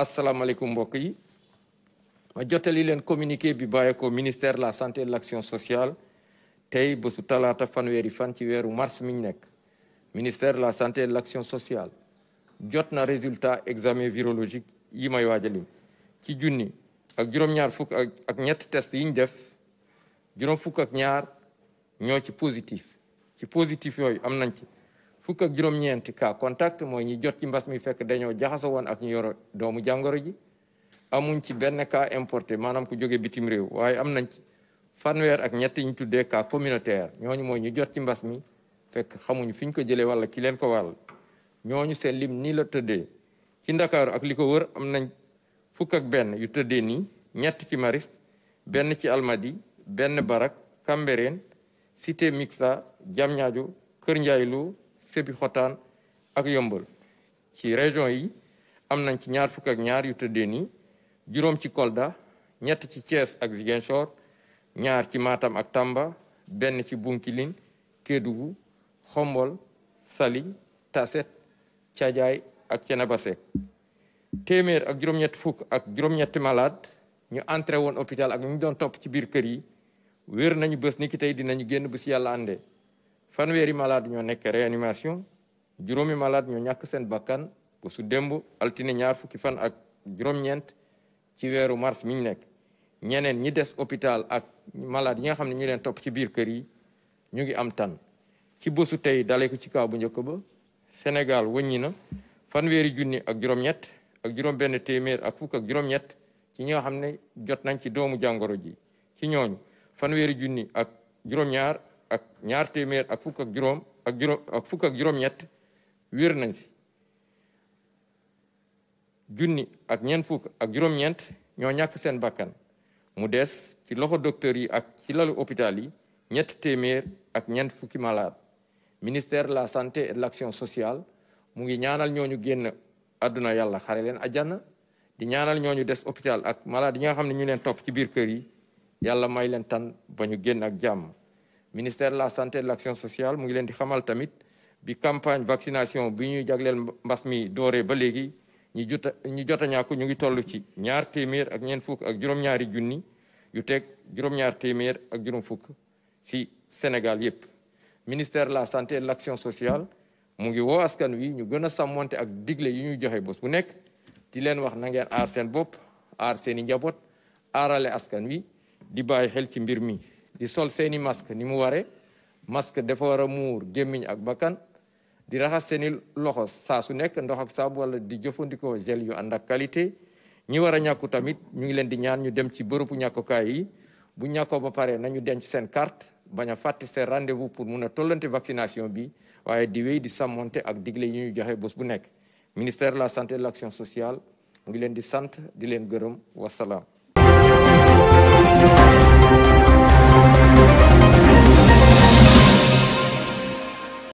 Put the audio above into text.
asalaamaaleykum mbokk yi ma jottali leen communiqué bi bàyyi ko ministère de la santé de l'action sociale tey bésu talaata fanweeri fan ci weeru mars mi ñu nekk ministère de la santé de l'action sociale jot na résultat examen virologique yi may waajalim ci junni ak juróom-ñaar fukk ak ñett test yi ñu def juróom fukk ak ñaar ñoo ci positif ci positif yooyu am nañ ci fukk ak juróom-ñeenti cas contact mooy ñi jot ci mbas mi fekk dañoo jaxaso woon ak ñu yoro doomu jàngoro ji amuñ ci benn ka importé maanaam ku jóge bitim réew waaye am nañ ci fanweer ak ñett ñu tuddee ka communautaire ñooñu mooy ñu jot ci mbas mi fekk xamuñu fiñ ko jëlee walla ki leen ko wàll ñooñu seen lim nii la tëddee ci ndakaaru ak li ko wër am nañ fukk ak benn yu tëddee nii ñett ci maris benn ci Almadi benn Barak Cambérène Cité Mixa Diamniadio Kër Ndiaye Lo Sébikotane ak Yeumbeul ci région yi am nañ ci ñaar fukk ak ñaar yu tëddee nii juróom ci Kolda ñett ci Thiès ak Ziguinchor ñaar ci Matam ak tàmba benn ci Bounkiling Kédougou Xombol Saly Tasset Thiadiaye ak Thiénaba Seck ak juróom-ñetti fukk ak juróom-ñetti malade ñu entré woon hôpital ak ñu doon topp ci biir kër yi wér nañu bés ni ki tey dinañu génn bu si yàlla àndee fanweeri malade ñoo nekk réanimation juróomi malade ñoo ñàkk seen bakkan bu su démb altine ñaar fukki fan ak juróom-ñeent ci weeru mars mi ñu nekk ñeneen ñi des hôpital ak malade yi nga xam ne ñu leen topp ci biir kër yi ñu ngi am tan ci bésu tey dalee ko ci kaw bu njëkk ba Sénégal wëññi na fanweeri junni ak juróom-ñett ak juróom téeméer ak ak juróom-ñett ci ñi nga xam ne jot nañ ci doomu jàngoro ji ci ñooñu fanweeri junni ak juróom-ñaar ak ñaar téeméer ak fukk ak juróom ñett wér nañ si junni ak ñeent fukk ak juróom-ñeent ñoo ñàkk seen bakkan mu des ci loxo docteur yi ak ci lalu hôpital yi ñett téeméer ak ñeent fukki malade ministère de la santé et de l'action sociale mu ngi ñaanal ñooñu génn adduna yàlla xare leen àjjana di ñaanal ñooñu des hôpital ak malade yi nga xam ne ñu leen topp ci biir kër yi yàlla may leen tan ba ñu génn ak jàmm ministère de la santé de l'action sociale mu ngi leen di xamal tamit bi campagne vaccination bi ñuy jagleel mbas mi dooree ba léegi ñu jot a ñu jot a ñàkku ñu ngi toll ci ñaar téeméer ak ñeen fukk ak juróom-ñaari junni yu teg juróom-ñaar téeméer ak juróom fukk ci Sénégal yépp ministère la santé de l'action sociale mu ngi woo askan wi ñu gën a sàmmonte ak digle yu ñuy joxe bos bu nekk di leen wax na ngeen aar seen bopp aar seen i njaboot aarale askan wi di bàyyi xel ci mbir mi. di sol seeni masque ni mu ware masque dafa war a muur gémmiñ ak bakkan di raxas seeni loxo saa su nekk ndox ak saabu wala di jëfandikoo gel yu ànd ak qualité ñi war a ñàkku tamit ñu ngi leen di ñaan ñu dem ci bërëbu ñàkkukaay yi bu ñàkkoo ba pare nañu denc seen carte bañ a fàtte seen rendez pour mun a tollante vaccination bi waaye di wéy di sàmmonte ak digle yi ñu joxe bés bu nekk ministère la santé de l'action sociale mu ngi leen di sant di leen gërëm wasalaam